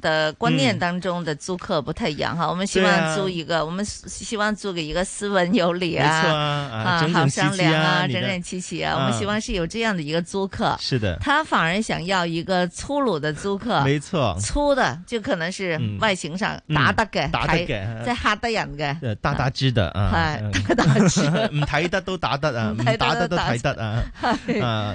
的觀念當中的租客不太一樣哈，我們希望租一個，我們希望租給一個斯文有禮啊，啊，好商量啊，整整齊齊啊，我們希望是有這樣的一個租客。是的，他反而想要一個粗魯的租客。沒錯，粗的就可能是外形上打得嘅，打嘅，即係嚇得人嘅，大大隻嘅啊，大大隻，唔睇得都打得啊，打得都睇得啊。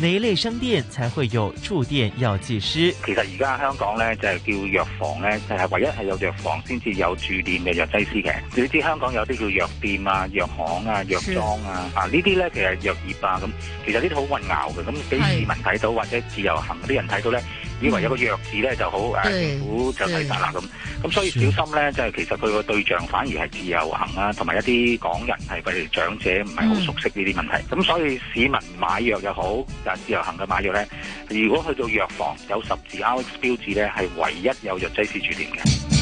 哪一類商店才會有駐店藥劑師？其實而家香港咧就係叫藥房咧，就係唯一係有藥房先至有駐店嘅藥劑師嘅。你知香港有啲叫藥店啊、藥行啊、藥莊啊，啊呢啲咧其實藥業啊咁，其實呢啲好混淆嘅，咁俾市民睇到或者自由行啲人睇到咧。以為有一個藥字咧就好，誒政府就睇曬啦咁，咁所以小心咧，就係、是、其實佢個對象反而係自由行啊，同埋一啲港人係譬如長者唔係好熟悉呢啲問題，咁、嗯、所以市民買藥又好，但、就是、自由行嘅買藥咧，如果去到藥房有十字 RX 標誌咧，係唯一有藥劑師駐點嘅。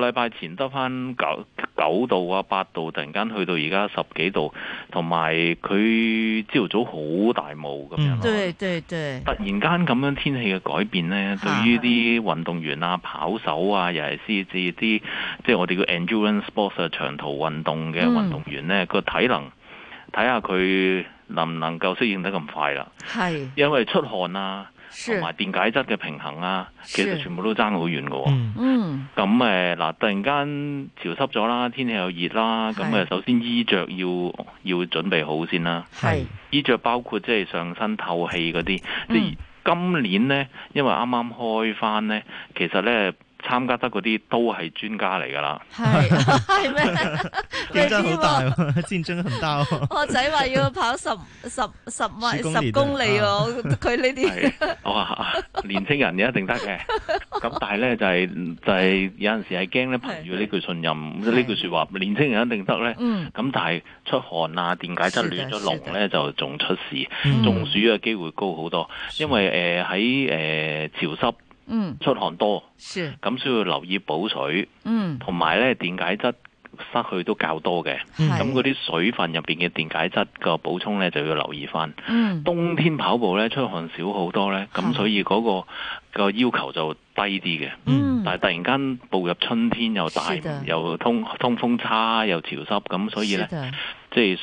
禮拜前得返九九度啊，八度，突然間去到而家十幾度，同埋佢朝早好大霧咁樣咯。對對對，對突然間咁樣的天氣嘅改變呢，對於啲運動員啊、跑手啊，又係似似啲即係我哋叫 endurance sports 啊，長途運動嘅運動員呢，個、嗯、體能睇下佢能唔能夠適應得咁快啦。係是，因為出汗啊。同埋電解質嘅平衡啊，是其實全部都爭好遠㗎。嗯，咁誒，嗱、呃，突然間潮濕咗啦，天氣又熱啦，咁啊是，就首先衣着要要準備好先啦。係是，嗯、衣着包括即係上身透氣嗰啲。是即今年呢，因為啱啱開翻呢，其實呢。參加得嗰啲都係專家嚟㗎啦，係係咩？競爭好大喎，先進得唔得喎？我仔話要跑十十十米十公里喎，佢呢啲，我話年青人一定得嘅。咁但係咧就係就係有陣時係驚咧憑住呢句信任呢句說話，年青人一定得咧。咁但係出汗啊、電解質亂咗龍咧，就仲出事，中暑嘅機會高好多。因為誒喺誒潮濕。嗯，出汗多，咁需要留意補水，嗯，同埋咧電解質失去都較多嘅，咁嗰啲水分入邊嘅電解質個補充咧就要留意翻，嗯，冬天跑步咧出汗少好多咧，咁所以嗰個個要求就低啲嘅，嗯，但係突然間步入春天又大，又通通風差又潮濕，咁所以咧即係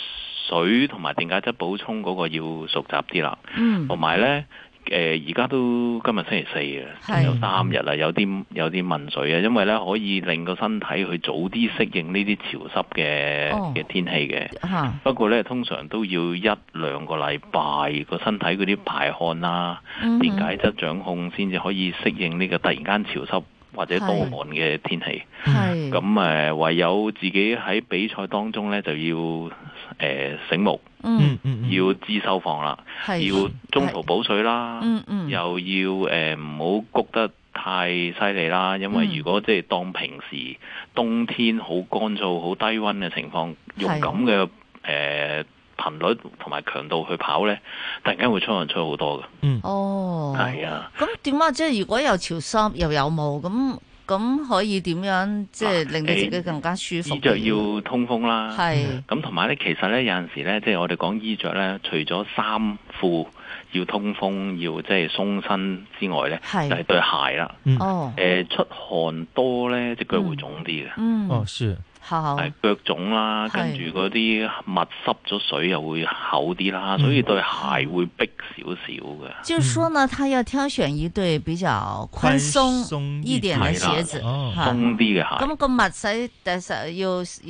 水同埋電解質補充嗰個要熟習啲啦，嗯，同埋咧。誒而家都今日星期四啊，仲有三日啦，有啲有啲問水啊，因為咧可以令個身體去早啲適應呢啲潮濕嘅嘅天氣嘅。不過咧通常都要一兩個禮拜，個身體嗰啲排汗啦、電解質掌控，先至可以適應呢個突然間潮濕或者多汗嘅天氣，咁誒、呃、唯有自己喺比賽當中咧就要。呃、醒目，嗯嗯，嗯要識收放啦，是要中途補水啦，嗯嗯，又要誒唔好谷得太犀利啦，嗯、因為如果即係當平時冬天好乾燥、好低溫嘅情況，用咁嘅誒頻率同埋強度去跑呢，突然間會出汗出好多嘅。、嗯，哦，係啊、哎呀，咁點啊？即係如果又潮濕又有霧咁。那咁可以點樣即係令到自己更加舒服？啊呃、衣着要通風啦。係咁同埋咧，其實咧有陣時咧，即係我哋講衣着咧，除咗衫褲要通風，要即係鬆身之外咧，是就係對鞋啦。嗯、哦，誒、呃，出汗多咧，隻腳會腫啲嘅。嗯，哦，是。係腳腫啦，是跟住嗰啲襪濕咗水又會厚啲啦，嗯、所以對鞋會逼少少嘅。就說呢，他要挑選一對比較寬鬆鬆一點嘅鞋子，鬆啲嘅鞋。咁個襪仔其實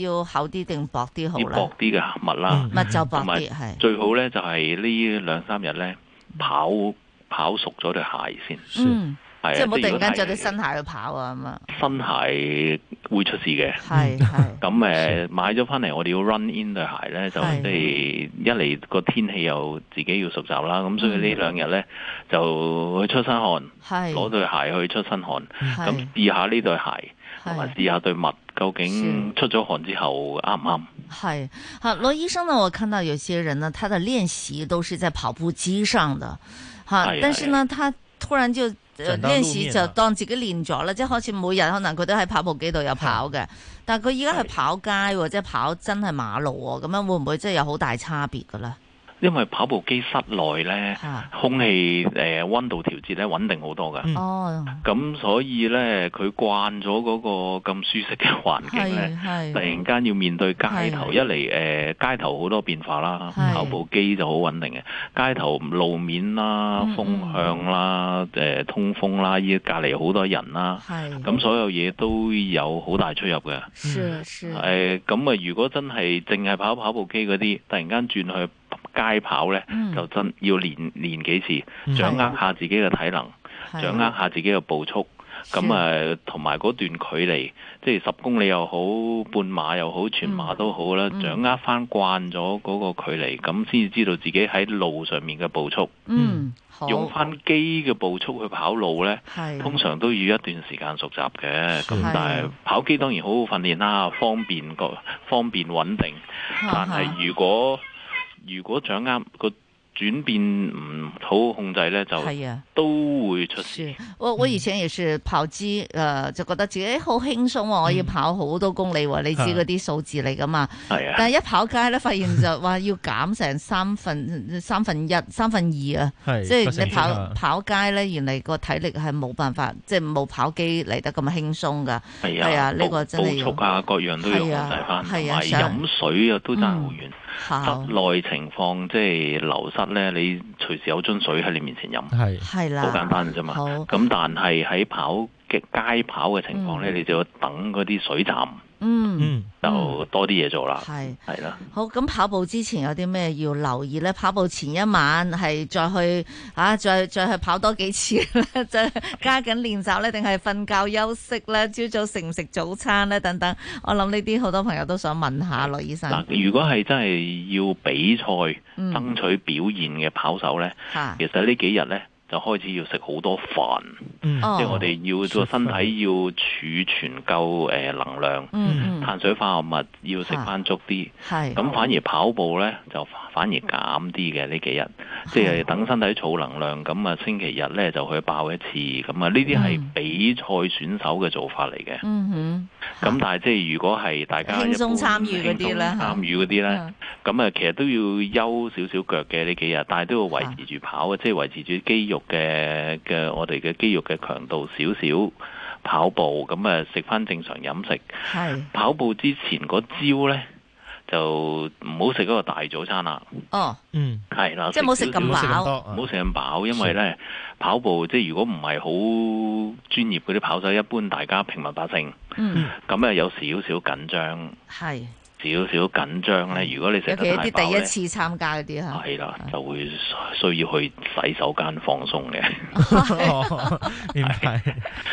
要要厚啲定薄啲好咧？啲薄啲嘅襪啦，襪、嗯、就薄啲係。最好呢，就係呢兩三日呢，跑、嗯、跑熟咗對鞋先。嗯。即係唔好突然間着啲新鞋去跑啊！咁啊，新鞋會出事嘅。係係。咁誒，買咗翻嚟，我哋要 run in 對鞋咧，就即係一嚟個天氣又自己要熟習啦。咁所以呢兩日咧就去出身汗，攞對鞋去出身汗，咁試下呢對鞋同埋試下對襪，究竟出咗汗之後啱唔啱？係吓，羅醫生呢，我看到有些人呢，他的練習都是在跑步機上的，但是呢，他突然就。呢陣時就當自己練咗啦，即係開始每日可能佢都喺跑步機度有跑嘅，是的 但係佢而家係跑街，是的 即係跑真係馬路喎，咁樣會唔會真係有好大差別㗎啦？因為跑步機室內咧，啊、空氣誒、呃、溫度調節咧穩定好多噶。嗯、哦，咁所以咧佢慣咗嗰個咁舒適嘅環境咧，突然間要面對街頭，是一嚟誒、呃、街頭好多變化啦，是跑步機就好穩定嘅，街頭路面啦、嗯、風向啦、誒、嗯呃、通風啦，依隔籬好多人啦，咁是、嗯、所有嘢都有好大出入嘅。是是，誒咁啊，如果真係淨係跑跑步機嗰啲，突然間轉去。街跑呢，就真要練練幾次，掌握下自己嘅體能，啊、掌握下自己嘅步速。咁啊，同埋嗰段距離，即係十公里又好，半馬又好，全馬都好啦。嗯、掌握翻慣咗嗰個距離，咁先至知道自己喺路上面嘅步速。嗯，用翻機嘅步速去跑路呢，啊、通常都要一段時間熟習嘅。咁、啊、但係跑機當然好好訓練啦，方便方便穩定，但係如果如果掌握個轉變唔好控制咧，就都會出事。我我以前也是跑機誒，就覺得自己好輕鬆，我要跑好多公里，你知嗰啲數字嚟噶嘛？係啊。但係一跑街咧，發現就話要減成三分三分一三分二啊！係，即係你跑跑街咧，原嚟個體力係冇辦法，即係冇跑機嚟得咁輕鬆噶。係啊，呢個真係。步速啊，各樣都要控制翻，係啊，飲水啊都爭好遠。室內情況，即係流失呢，你隨時有樽水喺你面前飲，係係啦，好簡單啫嘛。咁好但係喺跑街跑嘅情況呢，你就要等嗰啲水站。嗯，就多啲嘢做啦。係係啦，的好，咁跑步之前有啲咩要留意呢？跑步前一晚係再去啊，再再去跑多幾次咧，再加緊練習呢，定係瞓覺休息呢？朝早食唔食早餐呢？等等，我諗呢啲好多朋友都想問下羅醫生。嗱的、呃，如果係真係要比賽、嗯、爭取表現嘅跑手呢，啊、其實呢幾日呢？就開始要食好多飯，嗯、即係我哋要個、哦、身體要儲存夠、呃、能量，嗯、碳水化合物要食翻足啲，咁反而跑步呢，嗯、就。反而減啲嘅呢幾日，即係等身體儲能量，咁啊的星期日呢就去爆一次，咁啊呢啲係比賽選手嘅做法嚟嘅。嗯，咁哼但係即係如果係大家輕鬆參與嗰啲呢，嚇，參與嗰啲呢，咁啊的其實都要休少少腳嘅呢幾日，但係都要維持住跑啊，的即係維持住肌肉嘅嘅我哋嘅肌肉嘅強度少少跑步，咁啊食返正常飲食。的跑步之前嗰招咧。就唔好食嗰個大早餐啦。哦，嗯的，係啦，即係唔好食咁飽，唔好食咁飽，因為咧跑步，即係如果唔係好專業嗰啲跑手，一般大家平民百姓，咁啊、嗯、有少少緊張。係。少少緊張咧，如果你食得太飽，第一次參加嗰啲吓，係啦，就會需要去洗手間放鬆嘅。係，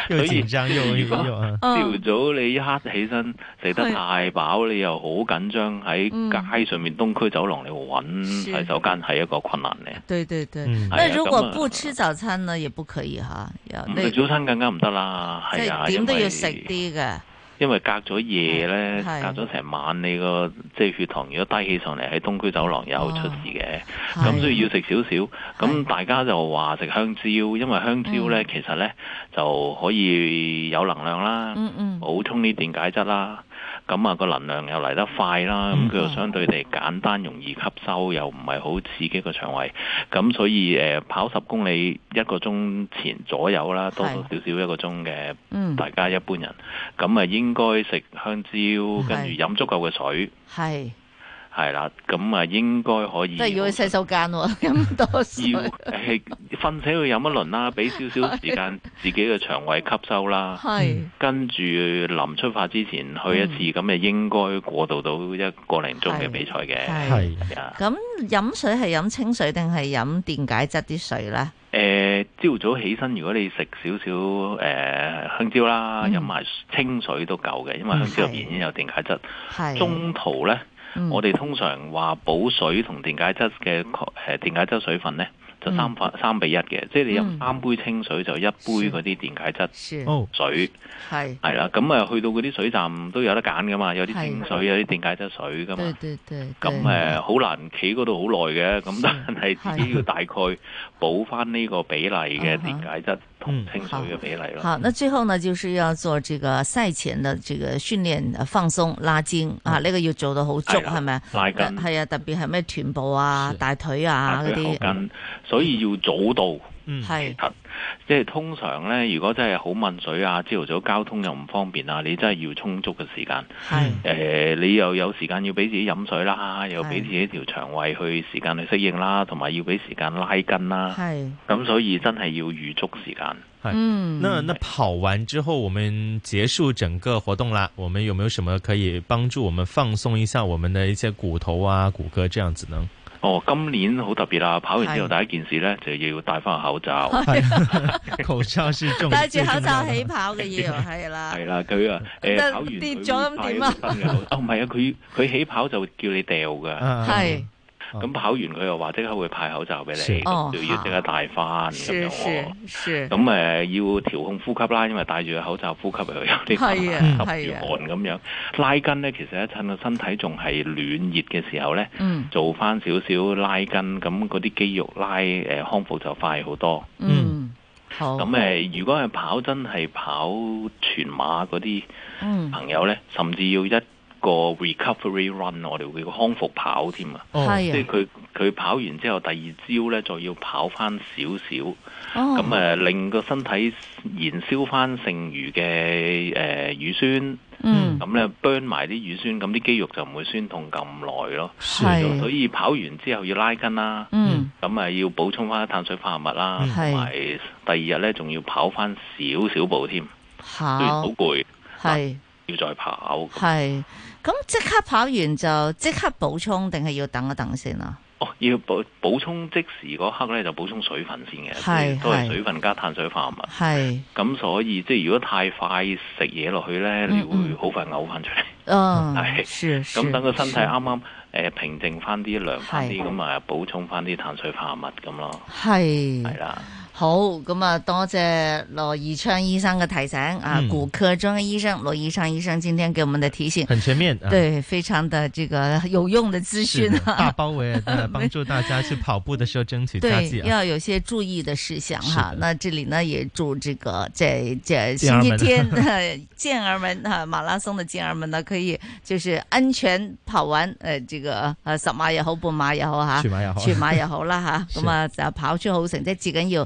所以緊張，如果朝早你一刻起身食得太飽，你又好緊張，喺街上面東區走廊嚟搵洗手間係一個困難咧。對對對，那如果不吃早餐呢，也不可以哈。唔食早餐更加唔得啦，即係點都要食啲嘅。因為隔咗夜呢，隔咗成晚，你個即係血糖如果低起上嚟，喺東區走廊有出事嘅，咁、啊、所以要食少少。咁是大家就話食香蕉，是因為香蕉呢、嗯、其實呢就可以有能量啦，嗯嗯、補充啲電解質啦。咁啊，個能量又嚟得快啦，咁佢又相對地簡單容易吸收，又唔係好刺激個腸胃，咁所以誒跑十公里一個鐘前左右啦，多多少少一個鐘嘅，大家一般人，咁啊應該食香蕉，跟住飲足夠嘅水。係。係啦，咁啊，應該可以。即係要去洗手間，飲多水。要瞓醒去飲一輪啦，俾少少時間自己嘅腸胃吸收啦。係跟住臨出發之前去一次，咁啊，應該過渡到一個零鐘嘅比賽嘅。係啊，咁飲水係飲清水定係飲電解質啲水咧？誒，朝早起身，如果你食少少誒香蕉啦，飲埋清水都夠嘅，因為香蕉入邊已經有電解質。係中途咧。我哋通常話補水同電解質嘅誒電解質水分呢，就三分三比一嘅，即係你飲三杯清水就一杯嗰啲電解質水，係係啦。咁啊，去到嗰啲水站都有得揀噶嘛，有啲清水，有啲電解質水噶嘛。咁誒好難企嗰度好耐嘅，咁但係自己要大概補翻呢個比例嘅電解質，比例嗯，好。好，那最後呢，就是要做這個賽前的這個訓練放鬆拉筋、嗯、啊，呢、這個要做到好足係咪？拉筋係啊,啊，特別係咩臀部啊、是大腿啊嗰啲。所以要早到。嗯係，即係、嗯、通常咧，如果真係好悶水啊，朝頭早交通又唔方便啊，你真係要充足嘅時間。係誒、嗯呃，你又有時間要俾自己飲水啦，嗯、又俾自己條腸胃去時間去適應啦，同埋要俾時間拉筋啦。係咁、嗯，嗯、所以真係要預足時間。嗯，是那那跑完之後，我們結束整個活動啦。我們有沒有什麼可以幫助我們放鬆一下我們的一些骨頭啊、骨骼這樣子呢？哦，今年好特別啦！跑完之後第一件事咧，就要戴翻個口罩，口罩先重要。戴住口罩起跑嘅嘢，係啦。係啦，佢啊，誒，跌咗咁點啊？啊，唔係啊，佢佢起跑就會叫你掉噶，係。咁跑完佢又話即刻會派口罩俾你，就、哦、要即刻戴翻。是咁誒樣、呃、要調控呼吸啦，因為戴住個口罩呼吸又有啲困難，吸住汗咁樣拉筋咧。其實一趁個身體仲係暖熱嘅時候咧，嗯、做翻少少拉筋，咁嗰啲肌肉拉誒、呃、康復就快好多。嗯，那好。咁誒、呃，如果係跑真係跑全馬嗰啲朋友咧，嗯、甚至要一。個 recovery run 我哋叫康復跑添啊，即係佢佢跑完之後第二朝咧就要跑翻少少，咁誒、哦啊、令個身體燃燒翻剩餘嘅誒乳酸，咁咧、嗯啊、burn 埋啲乳酸，咁啲肌肉就唔會酸痛咁耐咯。係是，所以跑完之後要拉筋啦，咁、嗯、啊要補充翻碳水化合物啦，同埋是第二日咧仲要跑翻少少步添，跑雖然好攰，係是要再跑。咁即刻跑完就即刻補充，定係要等一等先啊？哦，要補補充即時嗰刻咧就補充水分先嘅，係，都係水分加碳水化合物。係咁，所以即係如果太快食嘢落去咧，你會好快嘔翻出嚟。嗯，係咁等個身體啱啱誒平靜翻啲涼翻啲，咁啊補充翻啲碳水化合物咁咯。係係啦。好咁啊，多謝羅宜昌醫生嘅提醒啊，骨科專科醫生羅宜昌醫生，今天給我們的提醒，很全面，嗯、對，非常的這個有用的資訊的，大包圍，幫助大家去跑步的時候爭取佳、啊、 對，要有些注意的事項哈的、啊。那這裏呢，也祝這個在在星期天健兒們哈，馬拉松的健兒們呢，可以就是安全跑完，呃，這個呃，十碼也好，半碼也好哈，全碼也好，全、啊、碼也，也，也好啦哈，咁啊就是、啊、跑出好成績，最緊要。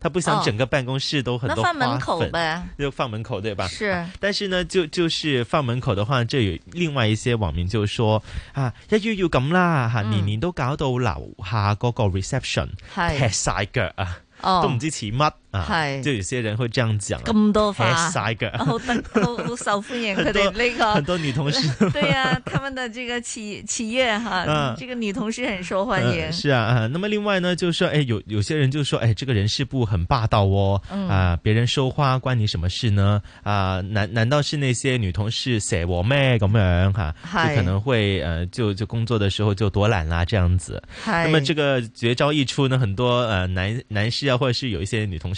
他不想整個辦公室都很多花粉，哦、放門口 就放門口對吧？是、啊，但是呢，就就是放門口的話，就有另外一些網民就說啊，一於要咁啦，吓年年都搞到樓下個 reception 踢晒腳啊，都唔知似乜。係、 啊，就有些人會這樣講咁多花晒好受歡迎。哎、個 很，多很多女同事 對啊，他們的這個企企業哈，啊、這個女同事很受歡迎。是啊，啊，那麼另外呢，就是說，誒、哎，有有些人就說，誒、哎，這個人事部很霸道哦，嗯、啊，別人收花關你什麼事呢？啊，難難道是那些女同事 say 我咩咁樣？哈、啊，就可能會，呃，就就工作的時候就躲懶啦，這樣子。 那麼，這個絕招一出呢，很多呃男男士啊，或者是有一些女同事。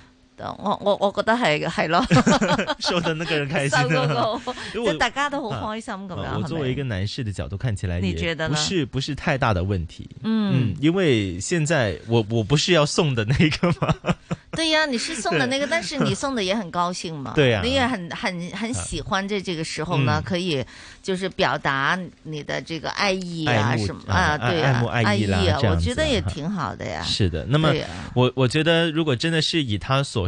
我我我覺得係係了，說的那個人開心，即係大家都好開心咁樣。我作為一個男士的角度看起來，你覺得呢？不是，不是太大的問題。嗯，因為現在我我不是要送的那個嗎？對呀，你是送的那個，但是你送的也很高興嘛。對呀，你也很很很喜歡在這個時候呢，可以就是表達你的這個愛意啊，什麼啊，對，愛慕愛意啊。我覺得也挺好的呀。是的，那麼我我覺得如果真的是以他所。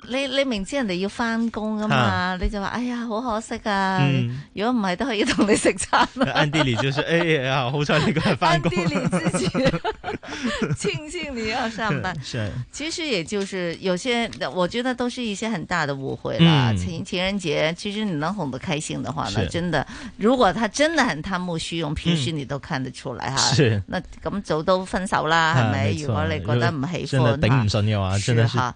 你你明知人哋要翻工噶嘛，你就話哎呀好可惜啊！如果唔係都可以同你食餐。a n d 就說：哎呀，好彩你個翻工。Andy 李自己慶幸你要上班。其實也就是有些，我覺得都是一些很大的誤會啦。情情人節，其實你能哄得開心的話，那真的，如果他真的很貪慕虛榮，平時你都看得出來哈。是。那咁早都分手啦，係咪？如果你覺得唔喜歡，頂唔順嘅話，吓。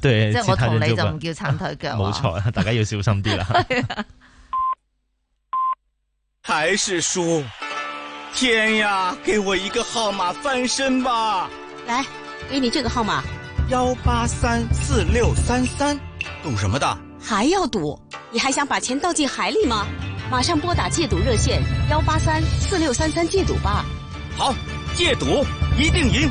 對，即係我同你就唔叫撐腿腳，冇錯，大家要小心啲啦。 還是輸，天呀！給我一個號碼翻身吧。來，給你這個號碼：幺八三四六三三。賭什麼的？還要賭？你還想把錢倒進海裏嗎？馬上撥打戒賭熱線：幺八三四六三三戒賭吧。好，戒賭一定贏。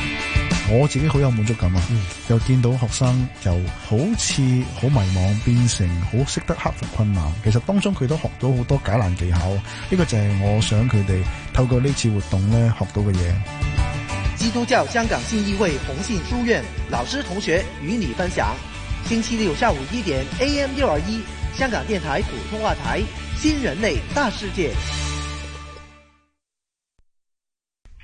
我自己好有滿足感啊，又、嗯、見到學生就好似好迷茫，變成好識得克服困難。其實當中佢都學到好多解難技巧，呢、這個就係我想佢哋透過呢次活動咧學到嘅嘢。基督教香港信義會宏信書院老師同學與你分享，星期六下午一點，AM 六二一，香港電台普通話台，新人類大世界。